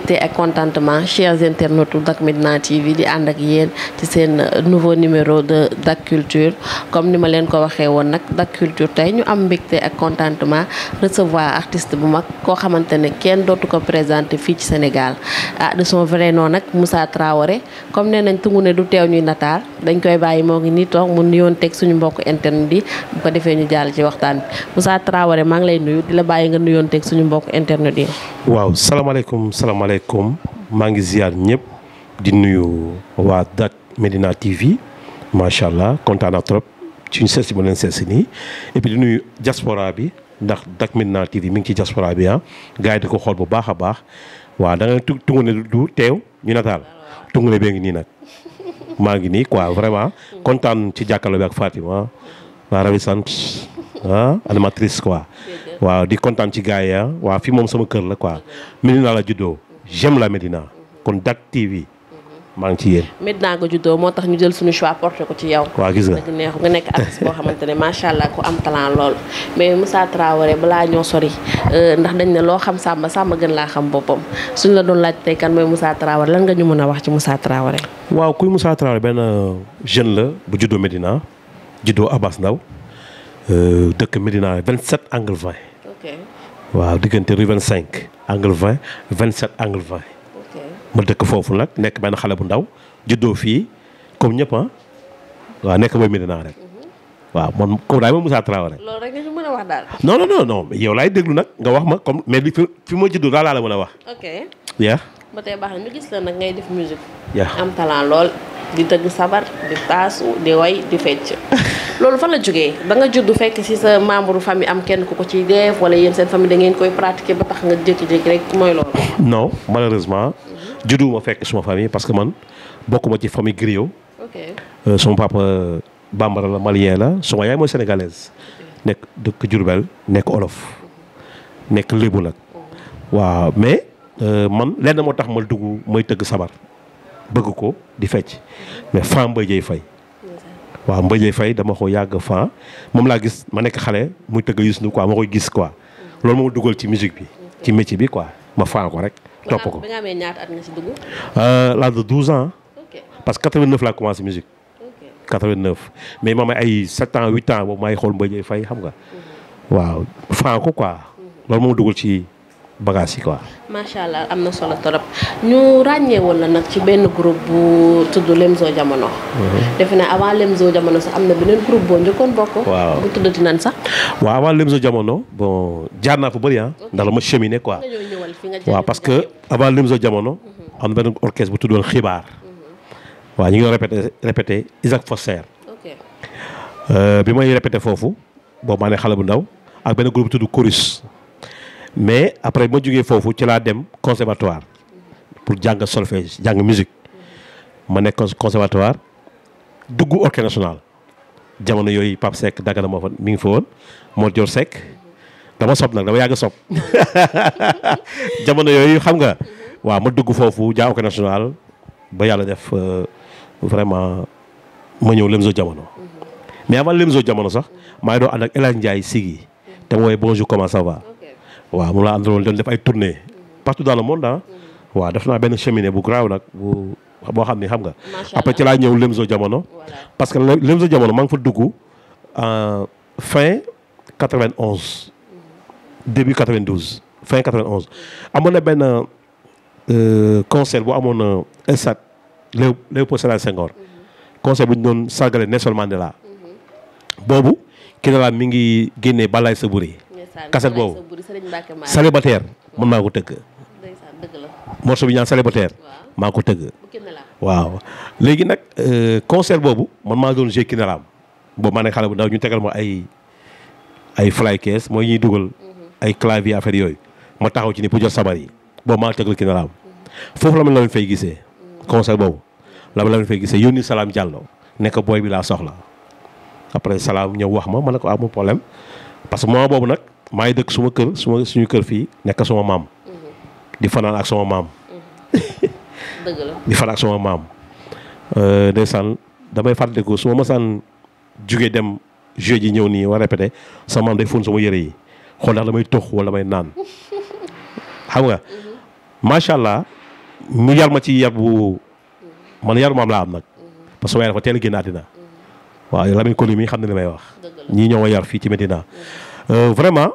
ak contentement chers internautes Dak Médina TV di ànd yéen seen nouveau numéro de Dak Culture comme ni ma leen ko waxee woon nag Dak Culture tey ñu am ak contentement recevoir artiste bu mag koo xamante ne kenn dootu ko présenté fii ci Sénégal a ah, de son vrai nom nag Moussa Traoré comme nee nañ tungu ne du teew ñuy nataal dañ koy bàyyi moo ngi nii toog mu nuyoon teg suñu mbokk internet yi bu ko defee ñu jàll ci waxtaan bi Moussa Traoré maa ngi lay nuyu di la bàyyi nga nuyoon teg suñu mbokk internet yi waaw salaamaaleykum salaamaaleykum maa ngi ziar ñëpp di nuyu waa Dak Médina TV macha allah kontaan naa trop ci ñu seet si ma leen seet nii et di nuyu diaspora bi ndax Dak Médina TV mi ngi ci diaspora bi ah gars di ko xool bu baax a baax waaw da nga tungu ne du teew ñu nataal tungu ne bee ngi nii nag maa ngi nii quoi vraiment kontaan ci jàkkaarloo bi ak Fatima waa rabi sant. ah animatrice quoi waaw di kontaan ci gars ya ah. waaw fii moom sama kër la quoi Médina la juddoo j'aime la Médina kon Dak TV maa ngi ci yéen. Médina ko juddoo moo tax ñu jël suñu choix porté ko ci yow. waaw gis nga dëgg nekk artiste boo xamante ne macha allah ku am talent lool mais Moussa Traoré balaa ñoo sori euh, ndax dañ ne loo xam Samba Samba gën laa xam boppam suñ la doon laaj tey kan mooy Moussa Traoré lan nga ñu mën a wax ci Moussa Traoré. waaw kuy Moussa Traoré benn jeune la bu juddoo Médina juddoo Abass Euh, dëkk Médina 27 angle 20. ok waaw diggante rue 25 angle 20 27 angle 20. ok ma dëkk foofu nag nekk benn xale bu ndaw juddoo fii comme ñëpp ah. waa nekk booy Médina rek. Mhm. waaw man comme daay ma Moussa Traoré. rek nga mën a wax daal. non non non non yow laay déglu nag nga wax ma comme mais li fi ma juddoo daal laa la mën a wax. ok yaa. ba baax na ñu gis la nag ngay def musique. yaa am talent lool. di tëgg sabar di taasu di way di fecc loolu fan la jógee da nga juddu fekk ci sa membre famille am kenn ku ko ci def wala yéen seen famille da ngeen koy pratiquer ba tax nga jékki-jékki rek mooy loolu. non malheureusement judduwuma fekk suma famille parce que man bokkuma ci famille griot. ok euh, suma papa bambara la malien la suma yaay mooy sénégalaise. nekk dëkk nekk olof nekk lébu nag. Oh. waaw mais euh, man lenn moo tax ma dugg mooy tëgg sabar. bëgg ko di fecc mais Franc Mbaye Dieye Faye waaw Mbaye Dieye Faye dama ko yàgg Franc mom la gis ma nek xalé muy tëgg yusnu quoi ma koy gis quoi loolu moo duggal ci musique bi ci métier bi quoi ma Franc ko rek top ko euh l'âge de 12 ans parce que 89 la commencé musique 89 mais ma ay 7 ans 8 ans bo may xol Mbaye Dieye Faye xam nga mhm. waaw Franc ko quoi mhm. loolu moom duggal ci bagages yi quoi. macha allah am na solo torop ñu ràññee woon la nag ci benn groupe bu tudd Lemzo Jamono. Mhm. defe naa avant Jamono bon jaar naa fu bëri ah. ndax ma cheminer quoi. parce que avant Lemzo Jamono. Mhm. am na benn orchestre bu tuddoon xibaar. Mhm. waa ñu ngi doon répété répété Isaac Foster. ok euh, bi may répété foofu boobu maa ne xale bu ndaw ak benn groupe bu tudd Chorus. mais après ma jógee foofu ci laa dem conservatoire pour jàng solfège jàng musique ma nekk conservatoire dugg orchestre national jamono yooyu Pape sekk Dagana moo mi ngi fa woon Mor Dior dama sob nag dama yàgg sob jamono yooyu xam nga waaw ma dugg foofu jaa orchestre national ba yàlla def euh, vraiment ma ñëw Lemzo jamono mais avant Lemzo jamono sax maa ngi doon ànd ak El Hadj Ndiaye Sigui te ma woowee bonjour comment ça waaw moom laa àndaloon doon def ay tournée partout dans le monde ah. Mm. waaw def naa benn cheminée bu garaaw nag bu boo xam ne xam nga. après ci laa ñëw Lemzo jamono. parce que Lemzo jamono maa ngi fa dugg euh, fin 91. Mm. début 92 fin amoon na benn euh, concert bu amoon euh, stade Léopold Sédar Senghor. Mm-hmm. bu ñu doon sargale Nelson Mandela. Mm-hmm. boobu Kidala mi ngi génnee Balaye Sebouré. kaset boobu célibataire man maa ko tëgg morceau bi ñaan célibataire maa ko tëgg waaw léegi nag euh, concert boobu man maa doon jouer Kinéram boobu maa nekk xale bu ndaw ñu tegal ma ay ay fly case mooy ñuy dugal mhm. ay clavier affaire yooyu ma taxaw ci ni pour jot sabar yi boobu maa tëggal Kinéram mhm. foofu la ma leen fay gisee mhm. concert boobu la ma leen fay gisee yónni salaam Diallo nekk booy bi laa soxla après Salam ñëw wax ma ma ne ko amul problème parce que moment boobu may dëkk suma kër suma suñu kër fii nekk sama maam. Mhm. di fanaan ak sama maam. Mhm. di fanaan ak sama maam. Euh, ndeysaan damay fàttaliku su ma masaan jugee dem jeu ji ñëw nii war répété sama maam day fóon sama yëre yi xool ndax damay tox wala may naan xam nga mhm. macha allah mu yar ma ci yar bu man yar maam laa am nag parce que waaye dafa teel a génn waaw Lamine mi xam na li may wax ñii ñoo yar fii ci Medina euh, vraiment.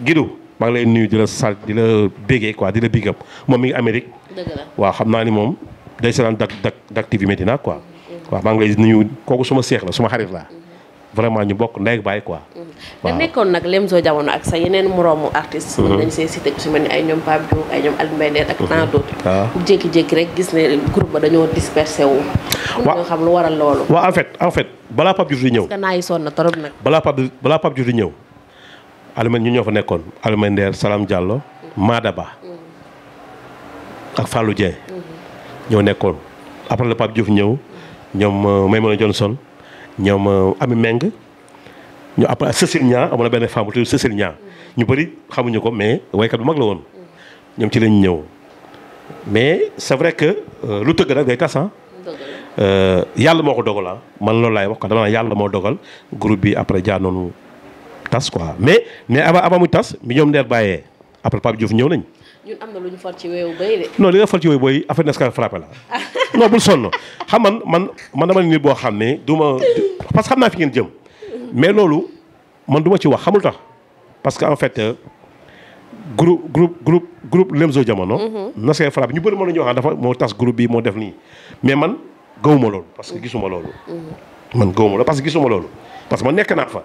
Guido maa ngi lay nuyu di la sal di la bégee quoi di la big moom mi ngi Amérique. waaw xam naa ni moom day seetaan Dak Dak Dak TV Médina quoi. Mm-hmm. waaw maa ngi lay nuyu kooku suma seex la suma xarit la mm-hmm. vraiment ñu bokk ndey ak baay quoi. Mm-hmm. waaw nga nekkoon nag Lemzo Diamono ak sa yeneen moroomu artiste mën nañ see mel ni ay ñoom Pape Diouf ay ñoom Alioune ak tant d'autres. waaw ah. jékki rek gis ne groupe ba dañoo dispersé wu. waaw xam lu waral loolu. waaw en fait en fait balaa Pape Diouf di ñëw. parce que naa yi sonn trop nag. balaa Pape ñëw. Alioune ñu ñoo fa nekkoon Alioune Nder Salam Diallo Madaba ak Fallou Dieng ñoo nekkoon après le Pape Diouf ñëw ñoom euh, Maymona Johnson ñoom euh, Ami Meng ñu après Cécile Niang amoon na benn femme bu tudd Cécile ñu bëri xamuñu ko mais waykat bu mag la woon ñoom ci lañ ñëw mais c'est vrai que euh, lu tëgg rek day tas yàlla moo ko dogal ah. man loolu laay wax ko dama naan yàlla moo dogal groupe bi après jaanoonu tas quoi mais mais aba aba mu tas bi ñoom ndeer bàyyee après Pape Diouf ñëw nañ. ñun am na lu ñu for ci weewu béy de. non li nga for ci weewu béy affaire Nescafé frappé la non bul sonn xam man man man dama nit boo xam ne du ma parce que xam naa fi ngeen jëm mais loolu man duma ci wax xamul tax parce que en fait euh, groupe groupe groupe groupe Lemzo Jamono. Mhm. Nescafé frappé ñu bëri ma la ñu wax dafa moo tas group bi moo def nii mais man gawuma loolu parce que gisuma loolu. Mhm. man gawuma loolu parce que gisuma loolu parce que nekk naa fa.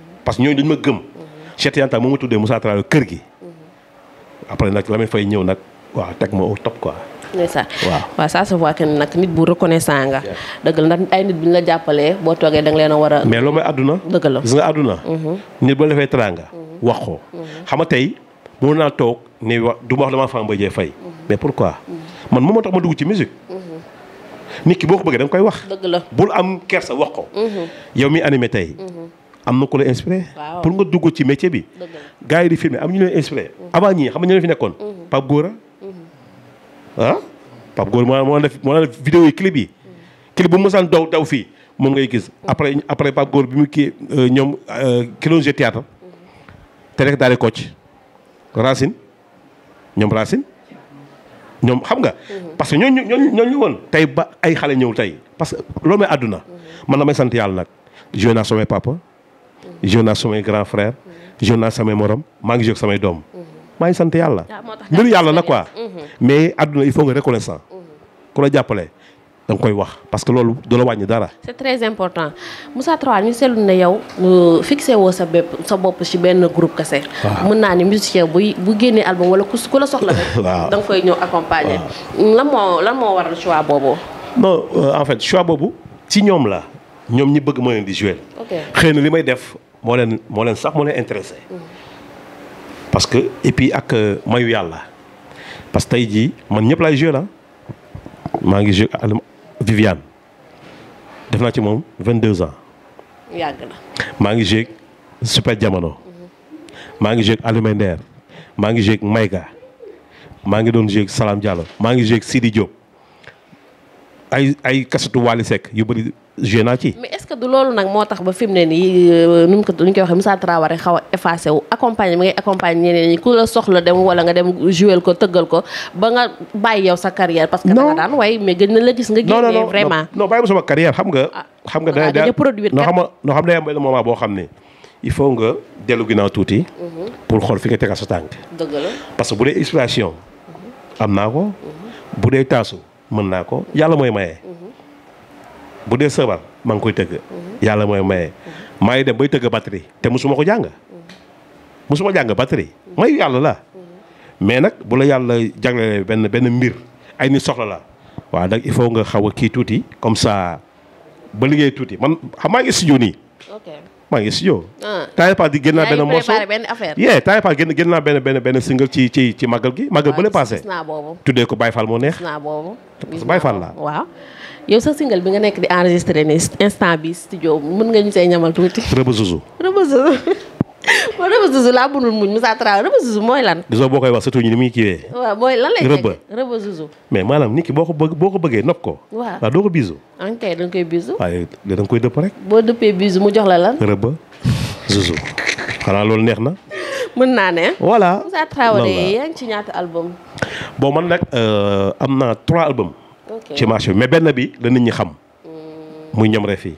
parce que ñooñu dañu ma gëm. Cheikh Tidiane Tall ma tuddee Moussa kër gi. après nag Lamine Faye ñëw nag waaw teg ma au top quoi. ndeysaan waaw waaw ça se voit nag nit bu la jàppalee boo toogee da nga leen a war a. mais loolu mooy àdduna. dëgg la nga àdduna. Mhm. nit boo defee teraanga. Mhm. wax ko mhm. xam nga tey mën naa toog ne du ma wax damaa Fane Mbaye fay. mais pourquoi man moom moo tax ma dugg ci musique. nit ki boo ko bëggee da nga koy wax. bul am kersa wax ko. yow am na ku la inspiré. pour nga dugg ci métier bi. gars yi di filmer am ñu leen inspiré. Mhm. avant ñii xam nga ñu fi nekkoon. Mhm. Pape Gora. Mhm. ah Pape Gora moo moo def moo mosaan daw daw fii moom ngay gis après après Pape Gora bi mu kii euh, ñoom euh, kilo je théâtre. te rek daal di kocc ñoom xam nga. parce que ñooñu ñooñu woon. tey ba ay xale ñëw tey parce que loolu mooy àdduna. man damay sant yàlla nag joué naa papa. Jonas samay grand frère Jonas samay morom maa jox samay dom. maa ngi sant yàlla ah, mbiru yàlla la quoi mhm. mais aduna il faut nga reconnaissant Ko la jappalé. Dang koy wax parce que lolu do la wagn dara c'est très important Moussa Traoré ñu seetlu na yow fixé wo sa bépp sa bop ci ben groupe kese mën na ni musicien bu bu génné album wala ku ku la soxla rek dang koy ñeu accompagner lan mo lan mo waral choix bobo? non euh, en fait choix bobo ci ñom la ñoom ñi bëgg ma leen di jouer xëy na li may def moi, leen moo sax moo intéressé parce que et puis ak euh, mayu là, parce que tey mon man ñëpp laay joué la ma ngi Viviane def ci 22 ans. yàgg na ngi super jamono. maa ngi joué Alioune Nder maa ngi joué Mayga maa ngi Salam Diallo ma ngi joué Sidi Diop. ay ay kasatu Wally Seck yu bëri joué naa ci. mais est du loolu nag moo tax ba fi mu ne nii euh, nu mu ko nu ñu koy waxee Moussa Traoré xaw a effacé wu accompagné ngay accompagné ñeneen ku la soxla dem wala nga dem joué ko tëggal ko ba nga bàyyi yow sa carrière. parce que da nga daan way mais gën na la gis nga. génnee vraiment noo xam noo xam day am benn boo xam ne il faut nga dellu ginnaaw tuuti. Mhm. pour xool fi nga tegal sa tànk. dëgg la parce que bu dee inspiration. am naa ko mhm. bu dee taasu mën naa ko yàlla mooy maye. bu dee sëbal maa ngi koy tëgg. yàlla mooy maye. maa ngi dem bay tëgg batterie te musuma ko jàng. musuma jàng batari mayu yàlla la. mais nag bu la yàlla jaglelee benn benn mbir ay nit soxla la. waaw nag il faut nga xaw a kii tuuti comme ça ba liggéey tuuti man xam maa ngi studio nii. maa ah. ngi studio. Taïda Pass di génn naa benn morceau yaa ngi préparé benn single ci ci gi màggal bële paase. tuddee ko Baye Fall moo neex. gis naa boobu laa. waaw yow sa single bi nga nekk di enregistré nii instant bi studio mën nga ñu see ñamal tuuti. Rëbë Zouzou waaw rëbb zuzu laa mënul muñ Moussa Traoré rëbb zuzu mooy lan. gisoo boo koy wax surtout ñu ni muy kiiwee. waaw mooy lan lay fekk rëbb mais maanaam nit ki boo ko bëgg boo ko bëggee ko. waaw waaw doo ko ah, koy biisu. waaye da koy dëpp rek. boo dëppee biisu mu jox la lan. rëbb zuzu xanaa loolu neex na. mën naa ne. voilà Moussa Traoré yaa ngi ci ñaata album. boo man nag euh, am na trois albums. ci marché bi mais benn bi la nit ñi xam. Hmm. muy ñoom rek fii.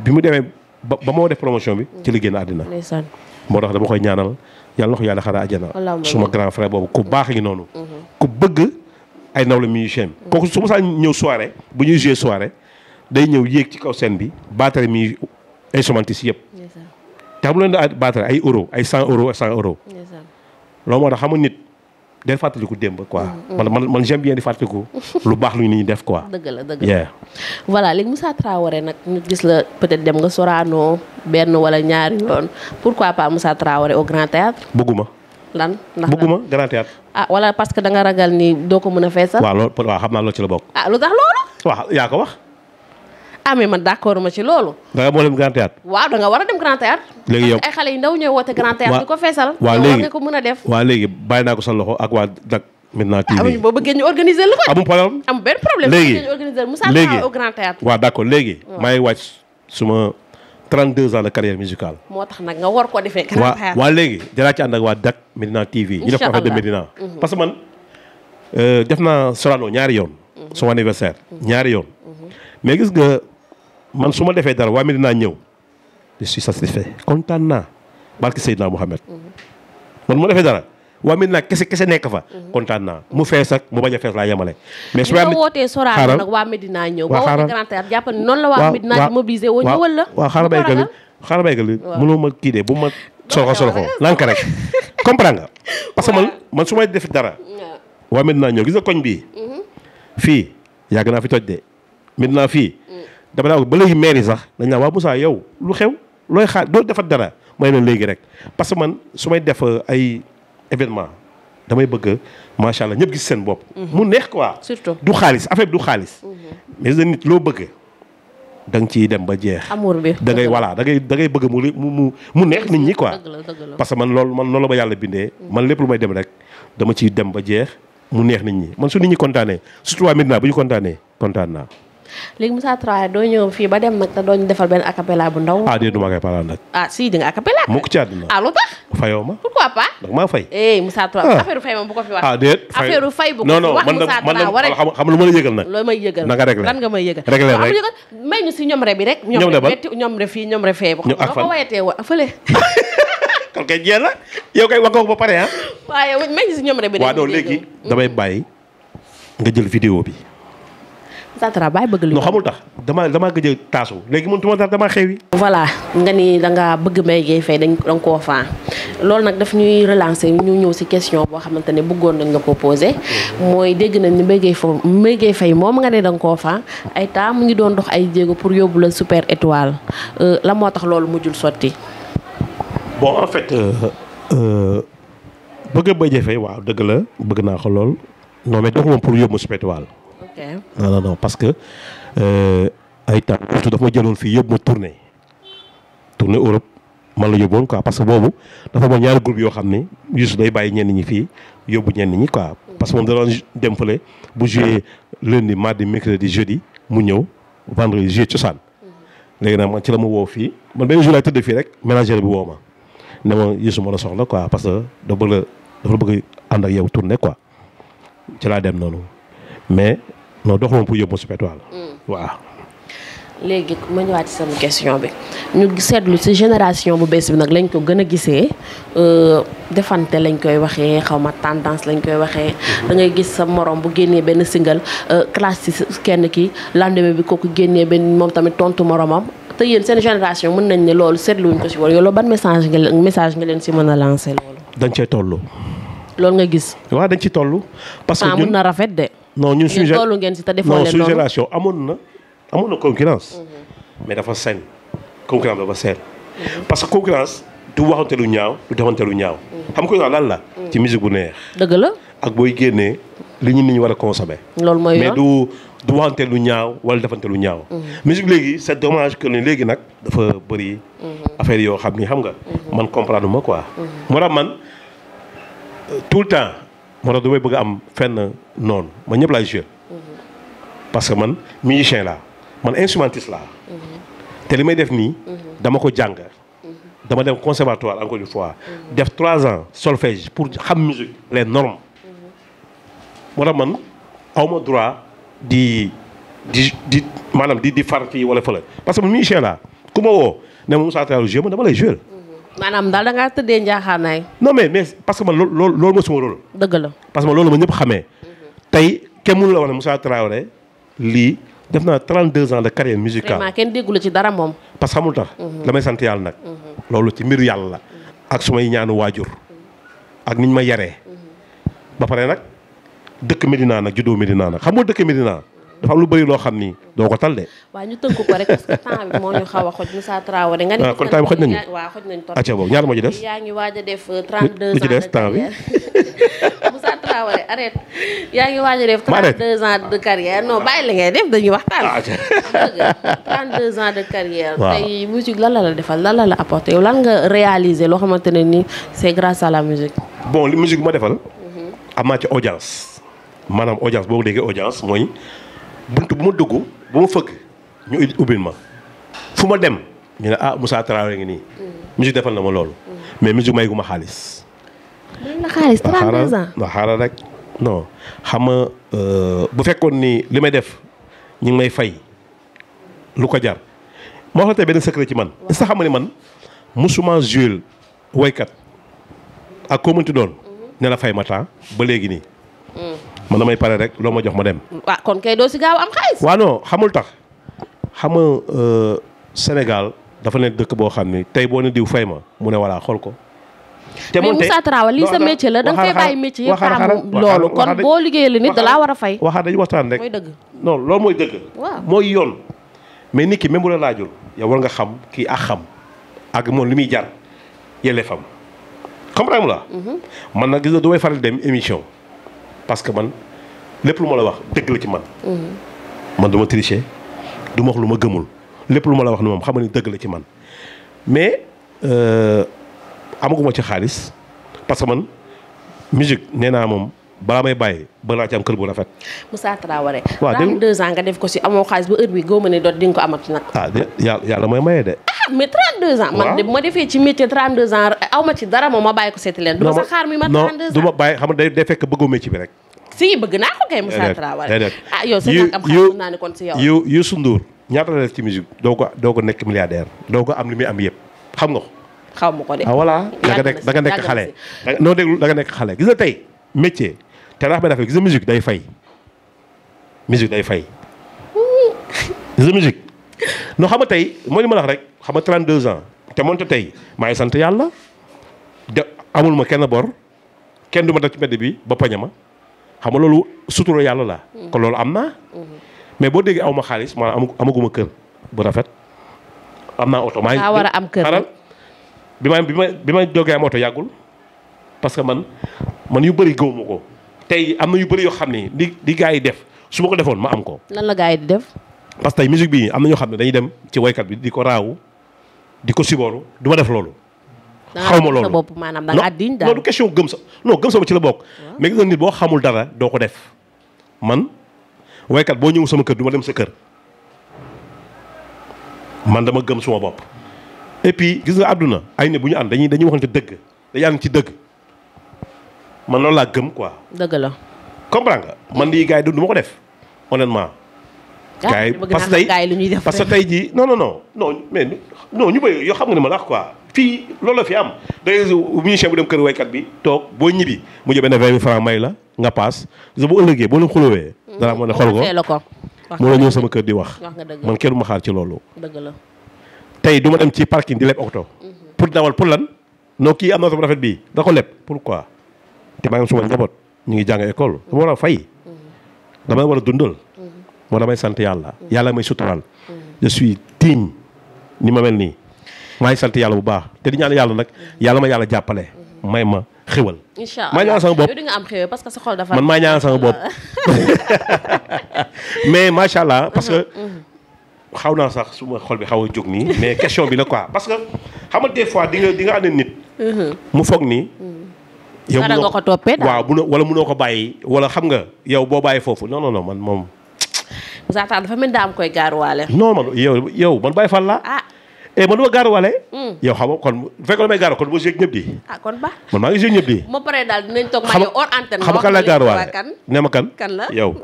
bi mu demee ba ba moo def promotion bi ci la génn àddina moo tax dama koy ñaanal yàlla na ko yàlla xaraa àjjana suma grand frère boobu ku baax ngi noonu mm-hmm. ku bëgg ay nawle musicien kooku su ma saa ñëw soirée bu ñuy jouer soirée day ñëw yéeg ci kaw scène bi baatare mi instrumentiste yëpp te xam leen baatare ay euro ay cent euro cent euro loolu moo tax xamu nit day fàttaliku démb quoi. Mm, mm. man man man j'aime bien di fàttaliku. lu baax lu ñuy def quoi. dëgg la dëgg la voilà léegi Moussa Traoré nag la dem nga Sorano benn wala ñaari yoon pourquoi pas Moussa Traoré au Grand Théâtre bëgguma lan ndax bëgguma Grand Théâtre ah wala parce que da nga ragal ni doo ko mën a feesal. waaw loolu waaw xam naa loolu ci la bokk. ah lu tax loolu. waaw yaa ko wax. ah mais man d' accord ma ci loolu. da nga boolem grand war a dem grand théâtre. léegi yow ay xale yu ndaw ñooy woote grand théâtre ko feesal. waaw léegi a def. waaw bàyyi naa ko sa loxo ak waa dak maintenant TV amuñu boo bëggee ñu organiser léegi léegi organiser Moussa Mara d' accord léegi. maa ngi wàcc suma 32 ans de carrière musicale. moo tax nag nga war koo defee. grand théâtre waaw waaw léegi dinaa ci ànd ak waa dak Medina TV. ñu def ko de Medina. Mhm. parce que man euh, def naa Sorano ñaari yoon. Mhm. suma anniversaire mhm. ñaari yoon mais gis nga man su ma defee dara waa naa ñëw je suis satisfait kontaan naa barke Seydina Mohamed man mu defee dara waa Medina kese kese nekk fa kontaan naa mu fees ak mu bañ a fees laa yemale mais su ma wootee Sorano nag waa Medina ñëw boo wootee Grand Théâtre jàpp ne noonu waa Medina di mobiliser woo xaaral bay gëli xaaral bay gëli mënoo ma kii de bu ma soroxo soroxo lank rek comprendre nga parce que man man su def dara waa Medina ñëw gis nga koñ bii mm-hmm. fii yàgg naa fi toj de Medina fii dama naa ko ba léegi maire sax dañ naa waa Moussa yow lu xew loy xaar do defat dara may leen legui rek parce que man sumay def euh, ay événement damay bëgg ma sha allah ñëpp gis seen bop mhm. mu neex quoi. surtout du xaliss affaire du xaliss mhm. mais nit lo bëgg. dang ci dem ba jeex. amour bi da ngay wala da ngay da ngay bëgg mu mu mu neex nit ñi quoi. parce que man lool man loolu ba yalla bindé man lepp lu may dem rek dama ci dem ba jeex mu neex nit ñi man su nit ñi contané surtout wa Medina bu ñu contané contané naa. Lagi musa Traoré do ñëw fi ba dem nak te dooñu defal a acapella bu ndaw. Eh, ah déedéet du ma acapella ah si di nga acapella. mu ci àdduna ah lu tax. fayoo ma pourquoi pas. donc ma fay. eh musa Traoré affaire fay moom bu ko fi wax. ah déet fay affaire fay bu ko fi wax Moussa man xam xam lu ma la yëgal nag. loo may yeggal na nga réglé lan nga may yeggal réglé rek may ñu si ñom re bi rek. ñom metti ñom ñoom re fii ñoom re fee. ñoom ko wayatee wa fële. kon kay jeex la yow kay wako ba pare ah. waaye may ñu si ñom re bi rek. waaw non léegi mm. damay bàyyi nga jël vidéo bi ça travaille bëgg lu. non xamul tax damaa damaa gëj a taasu léegi man tuma tax damaa xewi. voilà nga ni da ngaa bëgg Mbaye Dieye Faye dañ da nga koo faa loolu daf ñuy relancer ñu ñëw si question boo xamante ne bëggoon nañ la ko posé mooy dégg nañ ni Mbaye Dieye Faye Mbaye Dieye Faye moom nga ay mu ngi doon dox ay jéego pour yóbbu la super étoile euh, la moo tax loolu mujjul sotti. bon en fait euh, euh, bëgg Mbaye Dieye waaw dëgg la bëgg ko lool non mais doxuma pour super étoile. ok non non non parce que ay temps surtout dafa ma jëloon fii yëpp ma tourné tourné Europe man la yóbboon quoi parce que boobu dafa ma ñaari groupe yoo xam ne Youssou day bàyyi ñenn ñi fii yóbbu ñenn ñi quoi parce que moom da doon dem fële bu joué lundi mardi mercredi jeudi mu ñëw vendredi joué cosaan léegi nag man ci la mu wow fii man benn jour tëdd fii rek ménagère bi woo ma ne ma Youssou ma la soxla quoi parce que dafa bëgg dafa bëgg ànd ak yow tourné quoi ci laa dem noonu. mais non dox moom pour yóbbu Moussa Pétois la. léegi ma ñëwaat ci sama question bi ñu seetlu ci génération bu bees bi nag lañ ko gën a gisee euh, defante lañ koy waxee xaw ma tendance lañ koy waxee. da ngay gis sa morom bu génnee benn single euh, classe ci kenn ki lendemain bi kooku génnee benn moom tamit tontu moromam te yéen seen génération mën nañ ne loolu seetluwuñ ko ci woon yow ban message nga message nga leen ci mën a lancer loolu. dañ cee toll. loolu non ñun suñu toolu ngeen si te defoo leen noonu non suñu amoon na amoon na concurrence. Mhm. mais dafa saine concurrence dafa saine. Mhm. parce que concurrence du waxante lu ñaaw du defante lu ñaaw. Mhm. xam nga lan la. ci musique bu neex. dëgg la ak booy génnee li ñu nit ñu war a consommer. loolu mooy mais du du waxante lu ñaaw wala defante lu ñaaw. musique léegi c'est dommage que ne léegi nag dafa bëri. affaire yoo xam ni xam nga. man comprendre ma quoi. moo tax man euh, tout le temps. moo tax du may bëgg a am fenn noonu ma ñëpp laay joué. parce que man musicien laa man instrumentiste laa. te li may def nii. dama ko jàng. dama dem conservatoire encore une fois. def trois ans solfège pour xam musique les normes. moo tax man awma droit di di di maanaam di di far fii wala fële parce que man musicien laa ku ne ma Moussa Traoré joué ma dama lay joué. maanaam daal da ngaa tëddee njaaxaanaay. non mais mais parce que man loolu loolu loolu mooy suma rôle. dëgg la parce que man loolu ma ñëpp xamee. Mhm. tey kenn mënu la wax ne Moussa Traoré lii def naa 32 ans de carrière musicale. vraiment kenn déggu la ci dara moom. parce que xamul tax. Mhm. damay sant yàlla nag. Mhm. loolu ci mbiru yàlla la. ak sumay ñaanu waajur. ak niñ ma yaree. ba pare nag dëkk Medina nag juddoo Medina nag xam nga dëkk Medina dafa lu bëri loo xam ni doo ko tal de. waaw ñu tënk ko rek parce que temps bi moo ñu xaw a xoj Moussa Traoré. nga ni ah, kon temps bi xoj nañu waaw xoj nañu boobu ñaar moo ci des. yaa ngi waaj a def 32 euh, ans. lu bi. Moussa Traoré arrête. yaa ngi a def 32 ans de carrière non ah. bàyyi la ngay def dañuy waxtaan. ah 32 ans de carrière. waaw tey musique lan la la defal lan la la apporté yow nga réaliser loo xamante ne ni c'est grâce à la musique. bon li musique ma defal. Mhm. amaat ci audience. maanaam audience boo déggee audience mooy. bunt bu ma dugg bu mu fëgg ñu ubbil ma fu ma dem ñu ne ah Moussa Traoré ngi nii. Mm. musique defal na ma loolu. Mm. mais musique may gu ma xaalis. may la xaalis 32 ans rek non xam euh, bu fekkoon ni li may def ñu ngi may fay lu ko jar moo xam tey benn secret ci man. sax xam ni man musuma juel woykat ak koo mënti doon. Mm-hmm. ne la fay ma temps ba léegi nii. Mm. man damay pare rek loo ma jox ma dem. waaw kon kay doo si gaaw am xaalis. waaw non xamul tax xam nga euh, Sénégal dafa ne dëkk boo xam ni tey boo ne diw fay ma mu ne voilà xool ko. te moom tey mais la da nga koy bàyyi métier yëpp taamu loolu kon boo a fay. waxaat dañu waxtaan rek mooy dëgg. mooy yoon. mais nit ki même bu la laajul yow war nga xam kii ak xam ak moom li muy jar yelleefam. comprendre la. Mm-hmm. man nag gis nga du may faral dem émission. parce que man lépp lu ma la wax dëgg la ci man. Mm-hmm. man du ma tricher du ma wax lu ma gëmul lépp lu ma la wax ni moom xam nga ni dëgg la ci man mais euh, amaguma ci xaalis parce que man musique nee naa moom. balaa may bàyyi ba naa ci am kër bu rafet. Moussa Traoré. waaw dégg nga 32 ans nga def ko si amoo xaalis ba heure bi ma ne doot di ko ah, mooy maye ah, ma defee ci métier 32 ans aw ma ci ma bàyyi ko seeti leen. du ma sa xaar xam nga day day fekk bi rek. si bëgg naa ko kay ah, am xaalis naa ne kon si yow. yu yu sunduur ñaata la def doo ko doo ko nekk milliardaire doo ko am li am yëpp xam nga ko. xaw ma ko de. ah da nga nekk da xale. noo déglu da nga nekk xale gis nga tey métier te raax ba dafa gis nga musique day fay musique day fay gis nga musique tey moo li ma wax rek xam nga 32 ans te moonte tey maa ngi sant yàlla de amul ma kenn bor kenn du ma def ci medd bi ba paña ma xam nga loolu sutura yàlla la mm-hmm. kon loolu am naa mm-hmm. mais boo déggee am ma xaalis maanaam amaguma kër bu rafet am naa oto maa ngi am kër bi ma bi ma jogee ma jógee am oto yàggul parce que man man yu bari gëwuma ko tey am na yu bëri yoo xam ne li di gaa yi def su ma ko defoon ma am ko. lan la gars yi di def. parce que tey musique am na ñoo xam ne dañuy dem ci waykat bi di ko raawu di ko sibooru du ma def loolu. xaw ma loolu sa bopp maanaam da nga addiñ daal non du question gëm sa non gëm sa ci la bokk. mais gis nga nit boo xamul dara doo ko def man waykat boo ñëw sama kër du ma dem sa kër man dama gëm suma bopp. et puis gis nga àdduna ay ne bu ñu ànd dañuy dañuy waxante dëgg dañuy ànd ci dëgg man loolu laa gëm quoi. dëgg la. man lii gars yi du ma ko def honnêtement. Ah, gars yi parce que tey parce que tey jii non non non non yoo xam nga ni ma la wax quoi. fii loolu fi am day ministère bu dem kër waykat bi toog boo ñibbi mu jël benn vingt mille francs may la nga paas parce bu ëllëgee boo leen xulóowee. Mm. dara mën a xool ko moo la ñëw sama kër di wax. man kenn ma xaar ci loolu. dëgg la tey du ma dem ci parking di leb oto. Mm-hmm. pour dawal pour lan noo kii am na sama rafet bii da ko leb pourquoi. te maa ngi suma njaboot ñu ngi jàng école dama war a fay dama war a dundal moo damay sant yàlla yàlla may suturaal je suis ni ma mel nii maa ngi sant yàlla bu baax te di ñaan yàlla nag yàlla ma yàlla jàppale may ma xéwal incha allah maa ñaan sama bopp di nga sa xol mais macha allah parce que mm-hmm, mm-hmm. xaw naa sax suma xol bi xaw a jóg nii mais question bi la quoi parce que xam nga di nga di nga nit mm-hmm. mu foog nii yow dara nga ko toppee daal waaw munoo wala munoo ko bàyyi wala xam nga yow boo bàyyi foofu non non non man moom. Moussa Tall dafa mel daa am koy gaaruwaale. non man yow ba man fan la. ah eh man gaaruwaale. Mm. yow xam nga kon bu fekkoon may gaaru kon bu jeeg ñëpp di. ah kon ba man maa ngi jeeg ñëpp di. moo paree daal dinañ toog ma yow hors antenne. xam nga kan la gaaruwaale ne ma kan. la yow.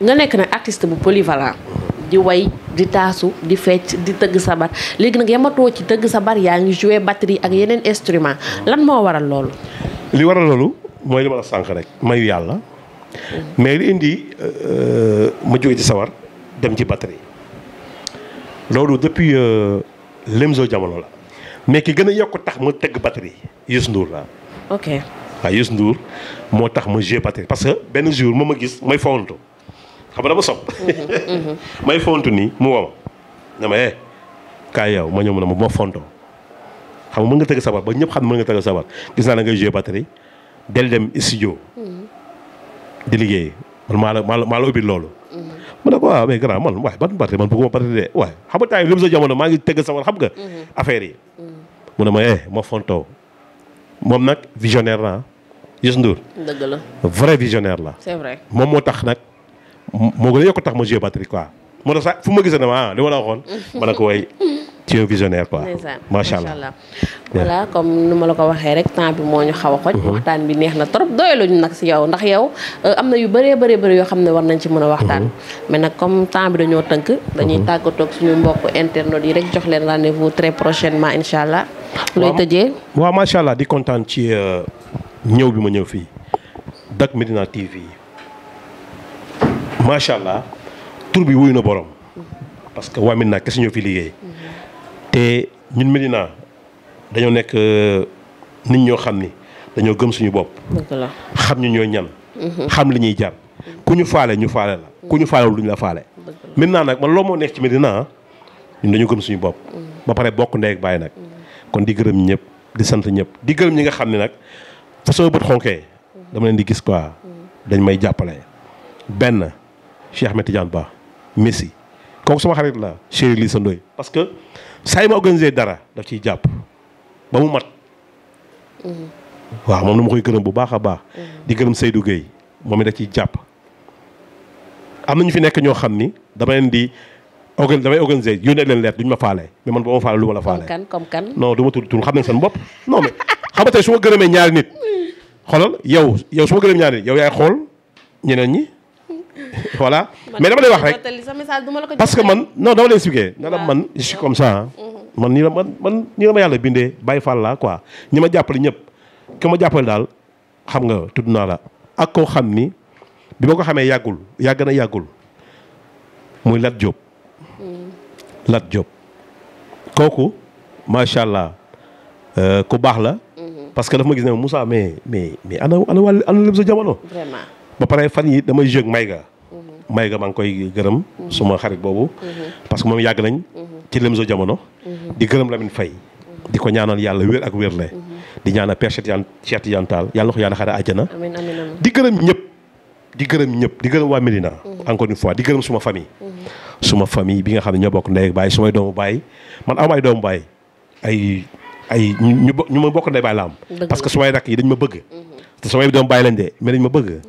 nga nekk nag artiste bu polyvalent. di way di taasu di fecc di tëgg sabar léegi nag yamatoo ci tëgg sabar yaa ngi joué batterie ak yeneen instrument lan moo waral loolu. li waral loolu mooy li ma sànq rek mayu yàlla mais li indi euh, ma jóge ci sabar dem ci batterie loolu depuis euh, Lemzo jamono la mais ki gën a yokk tax ma tëgg batterie Youssou nduur la ok waaw nduur moo tax ma joué batterie parce que benn jour ma ma gis mooy fawantu xam nga dama sopp mm-hmm. may fontu nii mu wow dama eh kaay yow ma ñëw mu ne ma bu xam nga mën nga tëgg sabar ba ñëpp xam ne mën nga tëgg sabar gis naa da ngay joué batterie del mm-hmm. man maa maa la maa la ubbi mm-hmm. xam nga temps yi lépp sa affaire yi mu ne ma eh ma fontoo moom nag visionnaire la Youssou Ndour dëgg la vrai visionnaire la moom moo tax nag moo gën a yokk tax ma joué batterie quoi moo tax sax fu ma gisee ne ma ah li ma la waxoon ma ne ko way ci visionnaire quoi macha allah comme nu ma la ko waxee rek temps moo ñu xaw a xoj mm-hmm. waxtaan bi neex na trop doyaluñu nag si yow ndax yow euh, am na yu bëree bëree bëri yoo xam ne war nañ ci mën a waxtaan mm-hmm. mais nag comme temps bi dañoo tënk dañuy mm-hmm. tàggatoo toog suñu mbokk internautes yi rek jox leen rendez-vous très prochainement incha allah looy tëjee waaw macha allah di kontaan ci euh, ñëw bi ma ñëw fii Dak Médina TV macha allah tour bi wuyu na borom parce que waa Médina kese ñoo fi liggéey te ñun Médina dañoo nekk euh, nit ñoo xam ni dañoo gëm suñu bopp. xam ñu ñooy ñan. Mhm. xam li ñuy jar ku ñu faale ñu faale la ku ñu faalewul duñu la faale. Médina nag ma loo moo nekk ci Médina ñun dañu gëm suñu bopp. Mhm. ba pare bokk ndey ak bàyyi nag. Mhm. kon di gërëm ñëpp di sant ñëpp di gërëm ñi nga xam ni nag fa sama bët xonkee dama leen di gis quoi dañ may jàppale benn. Cheikh Ahmed Tidiane Ba Messi kooku sama xarit laa chéri Lissa Ndoye parce que saa yi ma organisé dara daf ciy jàpp ba mu mat. waaw moom lu dama koy gërëm bu baax a baax. di gërëm Seydou Gueye moom it da ciy jàpp. am na ñu fi nekk ñoo xam ni dama leen di organ damay yoon yónnee leen leer duñ ma faale mais man ba ma faale lu ma la faale. comme kan du ma tudd tur xam nañ seen bopp non mais xam nga tey su ma gërëmee ñaari nit. xoolal yow yow su ma gërëm ñaari xool voilà mais dama lay wax rek parce que man no dama lay expliquer nga la man je comme ça mhm. man nii la man man nii la ma yàlla bindee Baye Fall laa quoi ñi ma jàppale ñëpp ki ma jàppale daal xam nga tudd naa la ak koo xam ni bi ma ko xamee yàggul yàgg na yàggul muy Lat Diop mm. Lat Diop kooku macha allah euh, ku baax la mm-hmm. parce que dafa ma gis ne Moussa mais mais mais ana ana wàll sa jamono. ba pare fan yi damay jeeg may ga may ga maa ngi koy gërëm. suma xarit boobu. parce que moom yàgg nañ. ci lem Lemzo jamono. di gërëm Lamine fay di ko ñaanal yàlla wér ak wér la di ñaanal Père Cheikh Tidiane yàlla na ko yàlla xaare àjjana. amiin di gërëm ñëpp. di gërëm ñëpp di gërëm waa Medina. Mhm. encore une fois di gërëm suma famille. Mhm. suma famille bi nga xam ne ñoo bokk ndey ak baay sumay doomu baay man am ay doomu baay ay ay ñu ñu ma bokk ndey baay la am. parce que sumay rakk yi dañ ma bëgg. te samay doom bàyyi lañ de mais ma bëgg.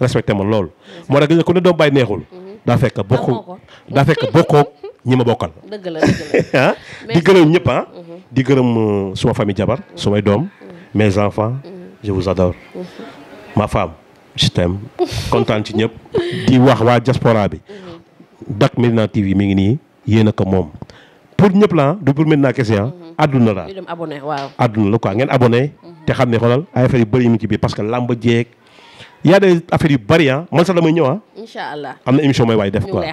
respecté ma lool. moo tax gis nga ku ne doom bàyyi neexul. Mhm. daa fekk bokkoo bokkoo ñi ma bokkal. dëgg ah? di gërëm ñëpp ah. Mhm. di gërëm euh, su famille jabar mhm. sumay doom. mes enfants je vous adore. ma femme je t'aime kontaan ci ñëpp. di wax waa diaspora bi. Dak Médina TV mi ngi nii yéen a ko moom. pour ñëpp la ah, du pour Médina kese ah. àdduna la àdduna la quoi ngeen abonné. te xam ne xoolal ay affaire yu bëri yu mu ci biir parce que làmb jeeg y a des affaires yu bëri ah man sax damay ñëw ah. allah am na émission may waay def ko ñu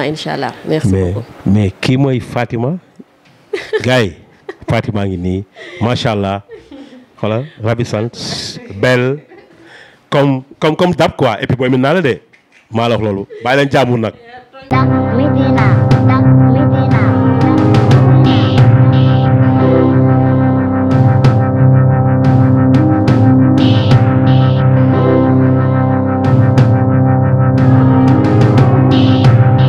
Fatima incha allah. merci mais, beaucoup kii mooy Fatima gars yi ngi nii macha allah voilà ravissante belle comme comme comme dab quoi booy mi naa la de maa la loolu bàyyi leen jàmbur nag.